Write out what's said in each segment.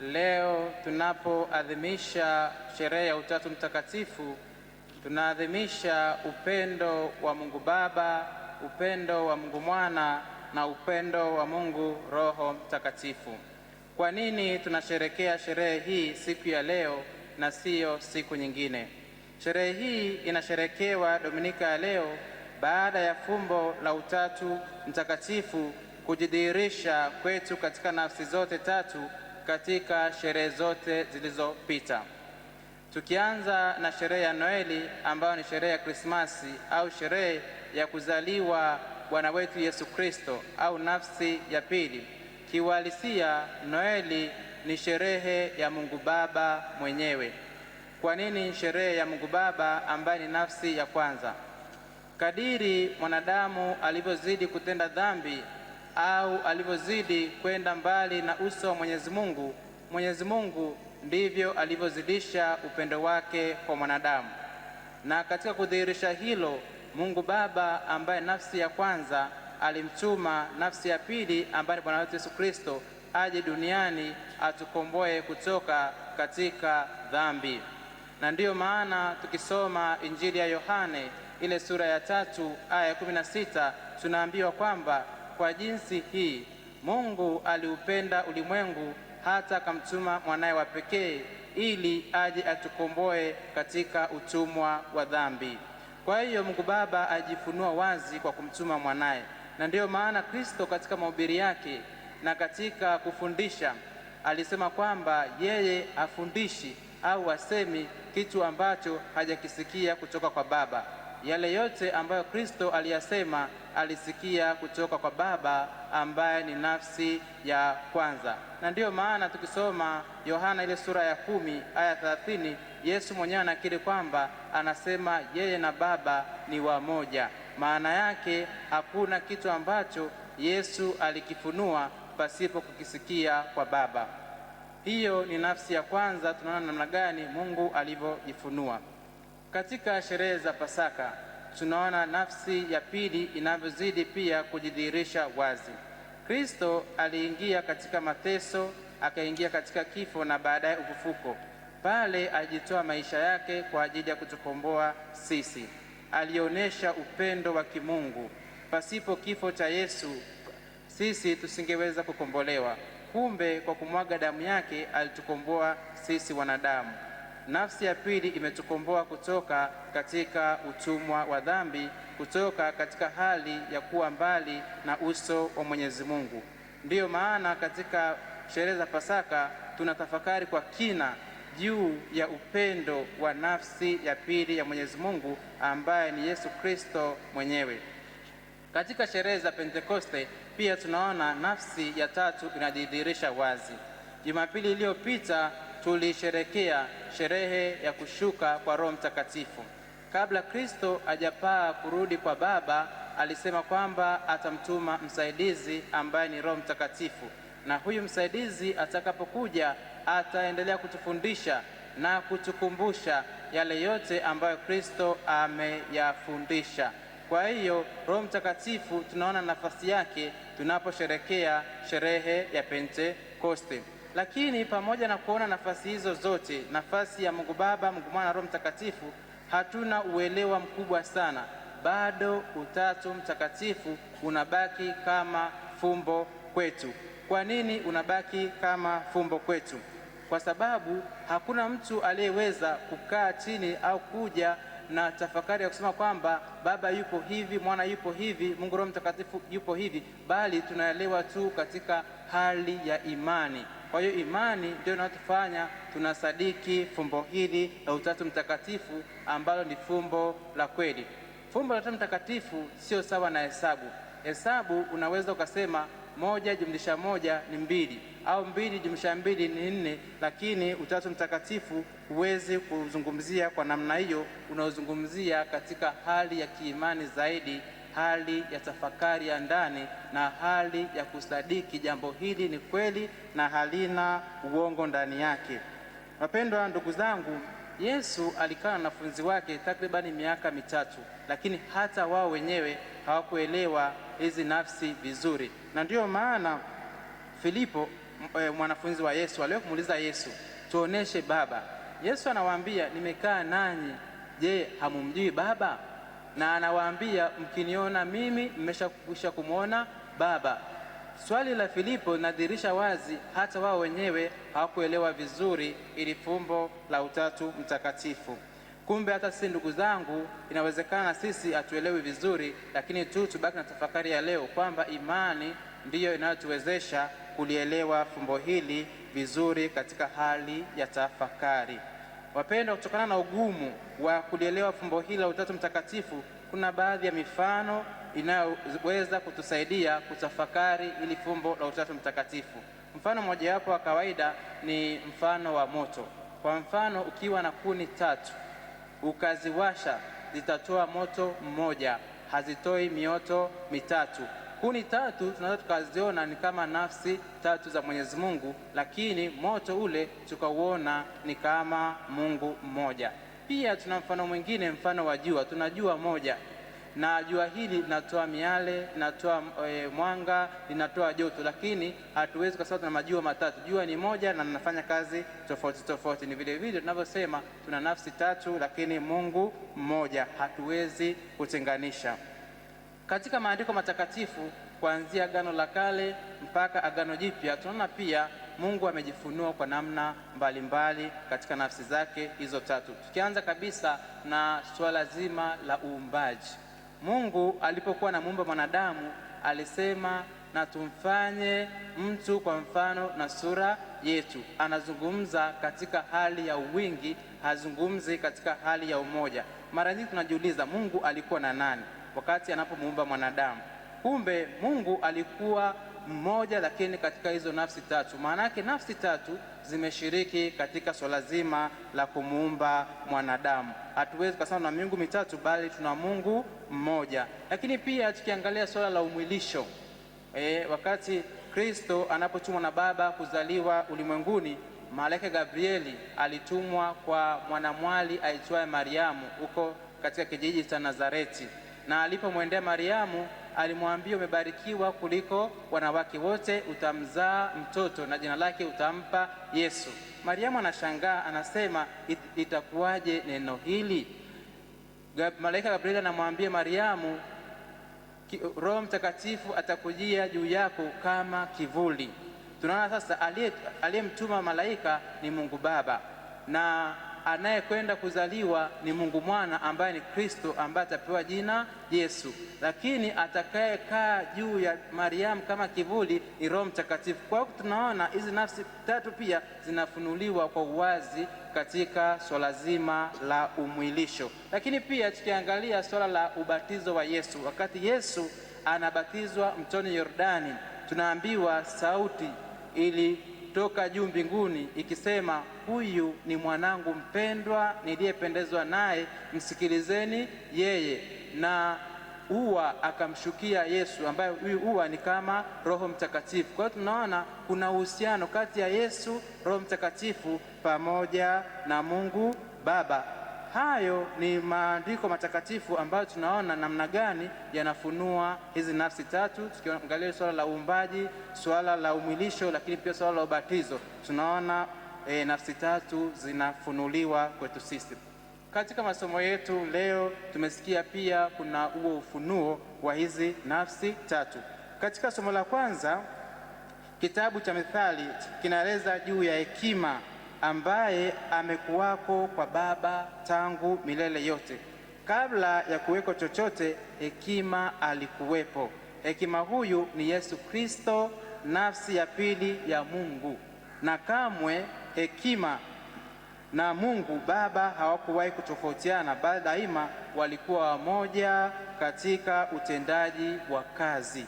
Leo tunapoadhimisha sherehe ya Utatu Mtakatifu, tunaadhimisha upendo wa Mungu Baba, upendo wa Mungu Mwana na upendo wa Mungu Roho Mtakatifu. Kwa nini tunasherekea sherehe hii siku ya leo na siyo siku nyingine? Sherehe hii inasherekewa Dominika ya leo baada ya fumbo la Utatu Mtakatifu kujidhihirisha kwetu katika nafsi zote tatu katika sherehe zote zilizopita, tukianza na sherehe ya Noeli ambayo ni sherehe ya Krismasi au sherehe ya kuzaliwa Bwana wetu Yesu Kristo au nafsi ya pili. Kiuhalisia, Noeli ni sherehe ya Mungu Baba mwenyewe. Kwa nini sherehe ya Mungu Baba ambaye ni nafsi ya kwanza? Kadiri mwanadamu alivyozidi kutenda dhambi au alivyozidi kwenda mbali na uso wa Mwenyezi Mungu, Mwenyezi Mungu ndivyo alivyozidisha upendo wake kwa mwanadamu. Na katika kudhihirisha hilo, Mungu Baba ambaye nafsi ya kwanza alimtuma nafsi ya pili ambaye ni Bwana wetu Yesu Kristo aje duniani atukomboe kutoka katika dhambi. Na ndiyo maana tukisoma Injili ya Yohane ile sura ya tatu aya ya kumi na sita tunaambiwa kwamba kwa jinsi hii Mungu aliupenda ulimwengu hata akamtuma mwanaye wa pekee ili aje atukomboe katika utumwa wa dhambi. Kwa hiyo Mungu Baba ajifunua wazi kwa kumtuma mwanaye, na ndiyo maana Kristo katika mahubiri yake na katika kufundisha alisema kwamba yeye afundishi au asemi kitu ambacho hajakisikia kutoka kwa Baba yale yote ambayo Kristo aliyasema alisikia kutoka kwa Baba ambaye ni nafsi ya kwanza. Na ndiyo maana tukisoma Yohana ile sura ya kumi aya thelathini, Yesu mwenyewe anakiri kwamba anasema yeye na Baba ni wamoja. Maana yake hakuna kitu ambacho Yesu alikifunua pasipo kukisikia kwa Baba. Hiyo ni nafsi ya kwanza. Tunaona namna gani Mungu alivyojifunua. Katika sherehe za Pasaka tunaona nafsi ya pili inavyozidi pia kujidhihirisha wazi. Kristo aliingia katika mateso, akaingia katika kifo na baadaye ufufuko. Pale alijitoa maisha yake kwa ajili ya kutukomboa sisi. Alionyesha upendo wa kimungu. Pasipo kifo cha Yesu sisi tusingeweza kukombolewa. Kumbe kwa kumwaga damu yake alitukomboa sisi wanadamu. Nafsi ya pili imetukomboa kutoka katika utumwa wa dhambi, kutoka katika hali ya kuwa mbali na uso wa Mwenyezi Mungu. Ndiyo maana katika sherehe za Pasaka tunatafakari kwa kina juu ya upendo wa nafsi ya pili ya Mwenyezi Mungu ambaye ni Yesu Kristo mwenyewe. Katika sherehe za Pentekoste pia tunaona nafsi ya tatu inajidhihirisha wazi. Jumapili iliyopita tulisherekea sherehe ya kushuka kwa Roho Mtakatifu. Kabla Kristo ajapaa kurudi kwa Baba, alisema kwamba atamtuma msaidizi ambaye ni Roho Mtakatifu, na huyu msaidizi atakapokuja ataendelea kutufundisha na kutukumbusha yale yote ambayo Kristo ameyafundisha. Kwa hiyo Roho Mtakatifu tunaona nafasi yake tunaposherekea sherehe ya Pentekoste. Lakini pamoja na kuona nafasi hizo zote, nafasi ya Mungu Baba, Mungu Mwana na Roho Mtakatifu, hatuna uelewa mkubwa sana. Bado Utatu Mtakatifu unabaki kama fumbo kwetu. Kwa nini unabaki kama fumbo kwetu? Kwa sababu hakuna mtu aliyeweza kukaa chini au kuja na tafakari ya kusema kwamba Baba yupo hivi, Mwana yupo hivi, Mungu Roho Mtakatifu yupo hivi, bali tunaelewa tu katika hali ya imani. Kwa hiyo imani ndio inayotufanya tunasadiki fumbo hili la Utatu Mtakatifu ambalo ni fumbo la kweli. Fumbo la Utatu Mtakatifu sio sawa na hesabu. Hesabu unaweza ukasema moja jumlisha moja ni mbili au mbili jumlisha mbili ni nne, lakini Utatu Mtakatifu huwezi kuzungumzia kwa namna hiyo, unaozungumzia katika hali ya kiimani zaidi hali ya tafakari ya ndani na hali ya kusadiki jambo hili ni kweli na halina uongo ndani yake. Wapendwa ndugu zangu, Yesu alikaa na wanafunzi wake takribani miaka mitatu, lakini hata wao wenyewe hawakuelewa hizi nafsi vizuri, na ndiyo maana Filipo eh, mwanafunzi wa Yesu aliwahi kumuuliza Yesu, tuoneshe Baba. Yesu anawaambia, nimekaa nanyi, je, hamumjui Baba? na anawaambia mkiniona mimi mmeshakwisha kumwona Baba. Swali la Filipo linadhihirisha wazi hata wao wenyewe hawakuelewa vizuri ili fumbo la Utatu Mtakatifu. Kumbe hata sisi ndugu zangu, inawezekana sisi hatuelewi vizuri, lakini tu tubaki na tafakari ya leo kwamba imani ndiyo inayotuwezesha kulielewa fumbo hili vizuri katika hali ya tafakari. Wapendwa, kutokana na ugumu wa kulielewa fumbo hili la Utatu Mtakatifu, kuna baadhi ya mifano inayoweza kutusaidia kutafakari ili fumbo la Utatu Mtakatifu. Mfano mmojawapo wa kawaida ni mfano wa moto. Kwa mfano, ukiwa na kuni tatu ukaziwasha, zitatoa moto mmoja, hazitoi mioto mitatu. Kuni tatu tunaweza tukaziona ni kama nafsi tatu za Mwenyezi Mungu, lakini moto ule tukauona ni kama Mungu mmoja. Pia tuna mfano mwingine, mfano wa jua. Tuna jua moja na jua hili linatoa miale, linatoa e, mwanga, linatoa joto, lakini hatuwezi kwa sababu tuna majua matatu. Jua ni moja na linafanya kazi tofauti tofauti. Ni vile vile tunavyosema tuna nafsi tatu, lakini Mungu mmoja, hatuwezi kutenganisha. Katika maandiko matakatifu kuanzia Agano la Kale mpaka Agano Jipya tunaona pia Mungu amejifunua kwa namna mbalimbali mbali katika nafsi zake hizo tatu. Tukianza kabisa na suala zima la uumbaji, Mungu alipokuwa anamuumba mwanadamu alisema na tumfanye mtu kwa mfano na sura yetu. Anazungumza katika hali ya uwingi, hazungumzi katika hali ya umoja. Mara nyingi tunajiuliza Mungu alikuwa na nani? wakati anapomuumba mwanadamu. Kumbe Mungu alikuwa mmoja, lakini katika hizo nafsi tatu, maana yake nafsi tatu zimeshiriki katika swala zima la kumuumba mwanadamu. Hatuwezi kusema na miungu mitatu, bali tuna Mungu mmoja. Lakini pia tukiangalia swala la umwilisho e, wakati Kristo anapotumwa na Baba kuzaliwa ulimwenguni, malaika Gabrieli alitumwa kwa mwanamwali aitwaye Mariamu huko katika kijiji cha Nazareti na alipomwendea Mariamu alimwambia, umebarikiwa kuliko wanawake wote, utamzaa mtoto na jina lake utampa Yesu. Mariamu anashangaa, anasema it, itakuwaje neno hili? Malaika gabriel anamwambia Mariamu, Roho Mtakatifu atakujia juu yako kama kivuli. Tunaona sasa aliyemtuma malaika ni Mungu Baba na anayekwenda kuzaliwa ni Mungu mwana ambaye ni Kristo ambaye atapewa jina Yesu, lakini atakayekaa juu ya Mariamu kama kivuli ni Roho Mtakatifu. Kwa hiyo tunaona hizi nafsi tatu pia zinafunuliwa kwa uwazi katika swala zima la umwilisho, lakini pia tukiangalia swala la ubatizo wa Yesu, wakati Yesu anabatizwa mtoni Yordani, tunaambiwa sauti ili toka juu mbinguni ikisema, huyu ni mwanangu mpendwa niliyependezwa naye, msikilizeni yeye. Na ua akamshukia Yesu, ambaye huyu ua ni kama Roho Mtakatifu. Kwa hiyo tunaona kuna uhusiano kati ya Yesu, Roho Mtakatifu pamoja na Mungu Baba. Hayo ni maandiko matakatifu ambayo tunaona namna gani yanafunua hizi nafsi tatu. Tukiangalia swala la uumbaji, swala la umwilisho, lakini pia swala la ubatizo, tunaona e, nafsi tatu zinafunuliwa kwetu sisi. Katika masomo yetu leo tumesikia pia kuna huo ufunuo wa hizi nafsi tatu. Katika somo la kwanza, kitabu cha Methali kinaeleza juu ya hekima ambaye amekuwako kwa Baba tangu milele yote. Kabla ya kuweko chochote, hekima alikuwepo. Hekima huyu ni Yesu Kristo, nafsi ya pili ya Mungu, na kamwe hekima na Mungu Baba hawakuwahi kutofautiana, bali daima walikuwa wamoja katika utendaji wa kazi.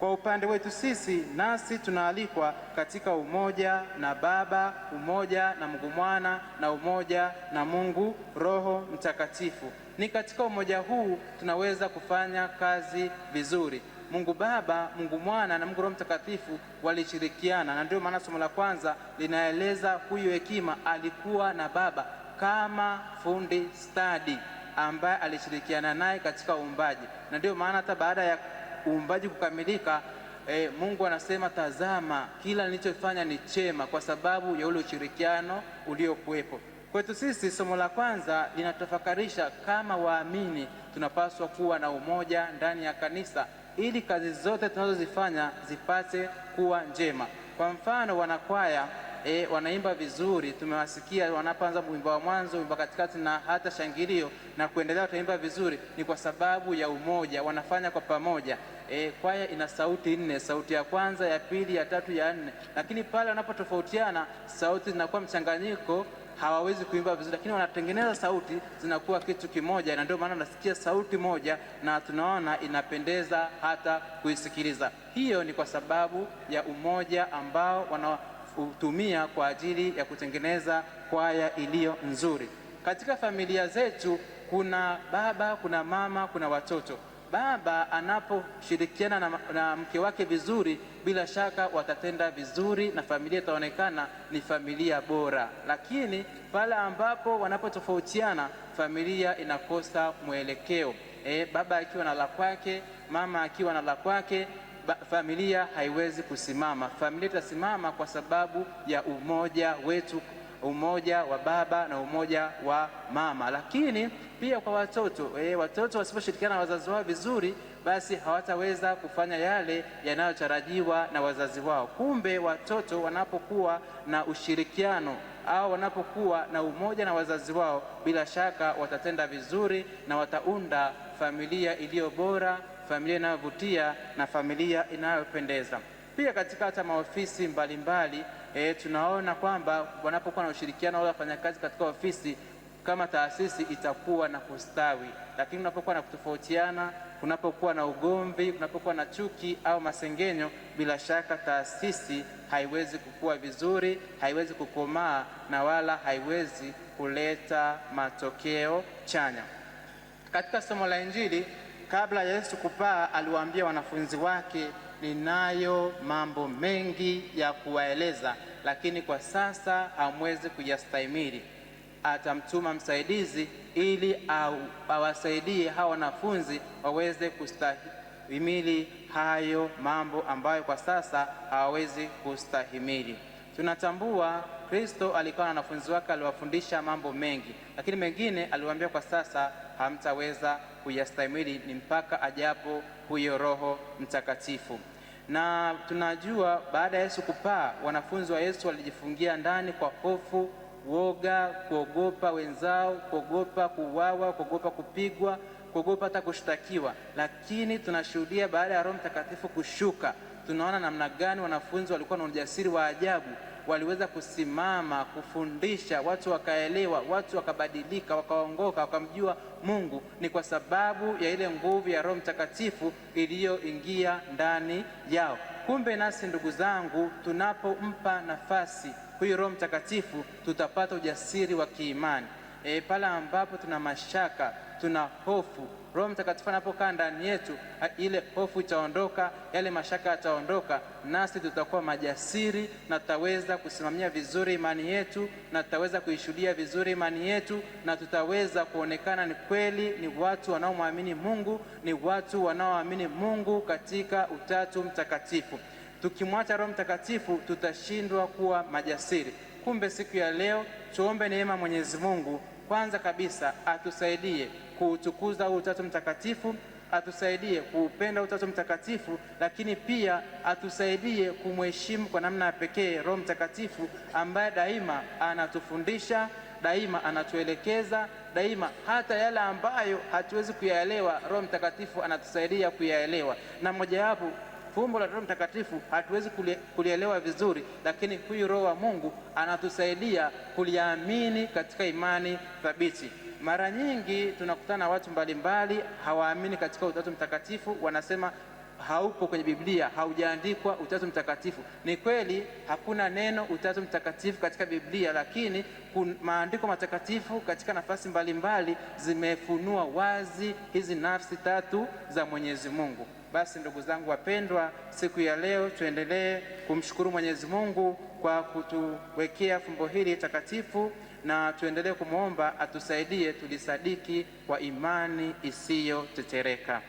Kwa upande wetu sisi, nasi tunaalikwa katika umoja na Baba, umoja na Mungu Mwana na umoja na Mungu Roho Mtakatifu. Ni katika umoja huu tunaweza kufanya kazi vizuri. Mungu Baba, Mungu Mwana na Mungu Roho Mtakatifu walishirikiana, na ndio maana somo la kwanza linaeleza huyu hekima alikuwa na Baba kama fundi stadi ambaye alishirikiana naye katika uumbaji, na ndio maana hata baada ya uumbaji kukamilika e, Mungu anasema tazama, kila nilichofanya ni chema kwa sababu ya ule ushirikiano uliokuwepo kwetu. Sisi somo la kwanza linatafakarisha kama waamini tunapaswa kuwa na umoja ndani ya kanisa ili kazi zote tunazozifanya zipate kuwa njema. Kwa mfano wanakwaya e, wanaimba vizuri, tumewasikia wanapoanza wimbo wa mwanzo, wimbo katikati na hata shangilio na kuendelea, wataimba vizuri. Ni kwa sababu ya umoja, wanafanya kwa pamoja. E, kwaya ina sauti nne, sauti ya kwanza, ya pili, ya tatu, ya nne, lakini pale wanapotofautiana sauti zinakuwa mchanganyiko hawawezi kuimba vizuri, lakini wanatengeneza sauti zinakuwa kitu kimoja, na ndio maana nasikia sauti moja na tunaona inapendeza hata kuisikiliza. Hiyo ni kwa sababu ya umoja ambao wana kutumia kwa ajili ya kutengeneza kwaya iliyo nzuri. Katika familia zetu kuna baba, kuna mama, kuna watoto. Baba anaposhirikiana na, na mke wake vizuri, bila shaka watatenda vizuri na familia itaonekana ni familia bora, lakini pale ambapo wanapotofautiana, familia inakosa mwelekeo. E, baba akiwa na la kwake, mama akiwa na la kwake familia haiwezi kusimama. Familia itasimama kwa sababu ya umoja wetu, umoja wa baba na umoja wa mama. Lakini pia kwa watoto e, watoto wasiposhirikiana na wazazi wao vizuri, basi hawataweza kufanya yale yanayotarajiwa na wazazi wao. Kumbe watoto wanapokuwa na ushirikiano au wanapokuwa na umoja na wazazi wao, bila shaka watatenda vizuri na wataunda familia iliyo bora familia inayovutia na familia inayopendeza. Pia katika hata maofisi mbalimbali e, tunaona kwamba wanapokuwa na ushirikiano wale wafanyakazi katika ofisi kama taasisi itakuwa na kustawi, lakini unapokuwa na kutofautiana, kunapokuwa na ugomvi, kunapokuwa na chuki au masengenyo, bila shaka taasisi haiwezi kukua vizuri, haiwezi kukomaa na wala haiwezi kuleta matokeo chanya. Katika somo la Injili Kabla Yesu kupaa, aliwaambia wanafunzi wake, ninayo mambo mengi ya kuwaeleza, lakini kwa sasa hamwezi kujastahimili Atamtuma msaidizi ili au awasaidie hawa wanafunzi waweze kustahimili hayo mambo ambayo kwa sasa hawawezi kustahimili. Tunatambua Kristo alikuwa na wanafunzi wake, aliwafundisha mambo mengi, lakini mengine aliwaambia kwa sasa hamtaweza kuyastahimili, ni mpaka ajapo huyo Roho Mtakatifu. Na tunajua baada ya Yesu kupaa, wanafunzi wa Yesu walijifungia ndani kwa hofu, woga, kuogopa wenzao, kuogopa kuuawa, kuogopa kupigwa, kuogopa hata kushtakiwa. Lakini tunashuhudia baada ya Roho Mtakatifu kushuka, tunaona namna gani wanafunzi walikuwa na ujasiri wa ajabu waliweza kusimama kufundisha, watu wakaelewa, watu wakabadilika, wakaongoka, wakamjua Mungu, ni kwa sababu ya ile nguvu ya Roho Mtakatifu iliyoingia ndani yao. Kumbe nasi ndugu zangu, tunapompa nafasi huyu Roho Mtakatifu tutapata ujasiri wa kiimani e, pale ambapo tuna mashaka, tuna hofu, Roho Mtakatifu anapokaa ndani yetu, ile hofu itaondoka, yale mashaka yataondoka, nasi tutakuwa majasiri na tutaweza kusimamia vizuri imani yetu na tutaweza kuishuhudia vizuri imani yetu na tutaweza kuonekana ni kweli ni watu wanaomwamini Mungu, ni watu wanaoamini Mungu katika Utatu Mtakatifu. Tukimwacha Roho Mtakatifu tutashindwa kuwa majasiri. Kumbe siku ya leo tuombe neema Mwenyezi Mungu, kwanza kabisa atusaidie kuutukuza huu Utatu Mtakatifu, atusaidie kuupenda Utatu Mtakatifu, lakini pia atusaidie kumheshimu kwa namna ya pekee Roho Mtakatifu ambaye daima anatufundisha, daima anatuelekeza, daima hata yale ambayo hatuwezi kuyaelewa, Roho Mtakatifu anatusaidia kuyaelewa, na mojawapo fumbo la Roho Mtakatifu hatuwezi kulielewa vizuri, lakini huyu Roho wa Mungu anatusaidia kuliamini katika imani thabiti. Mara nyingi tunakutana na watu mbalimbali hawaamini katika Utatu Mtakatifu, wanasema haupo kwenye Biblia, haujaandikwa Utatu Mtakatifu. Ni kweli hakuna neno Utatu Mtakatifu katika Biblia, lakini maandiko matakatifu katika nafasi mbalimbali zimefunua wazi hizi nafsi tatu za Mwenyezi Mungu. Basi ndugu zangu wapendwa, siku ya leo tuendelee kumshukuru Mwenyezi Mungu kwa kutuwekea fumbo hili takatifu, na tuendelee kumwomba atusaidie tulisadiki kwa imani isiyotetereka.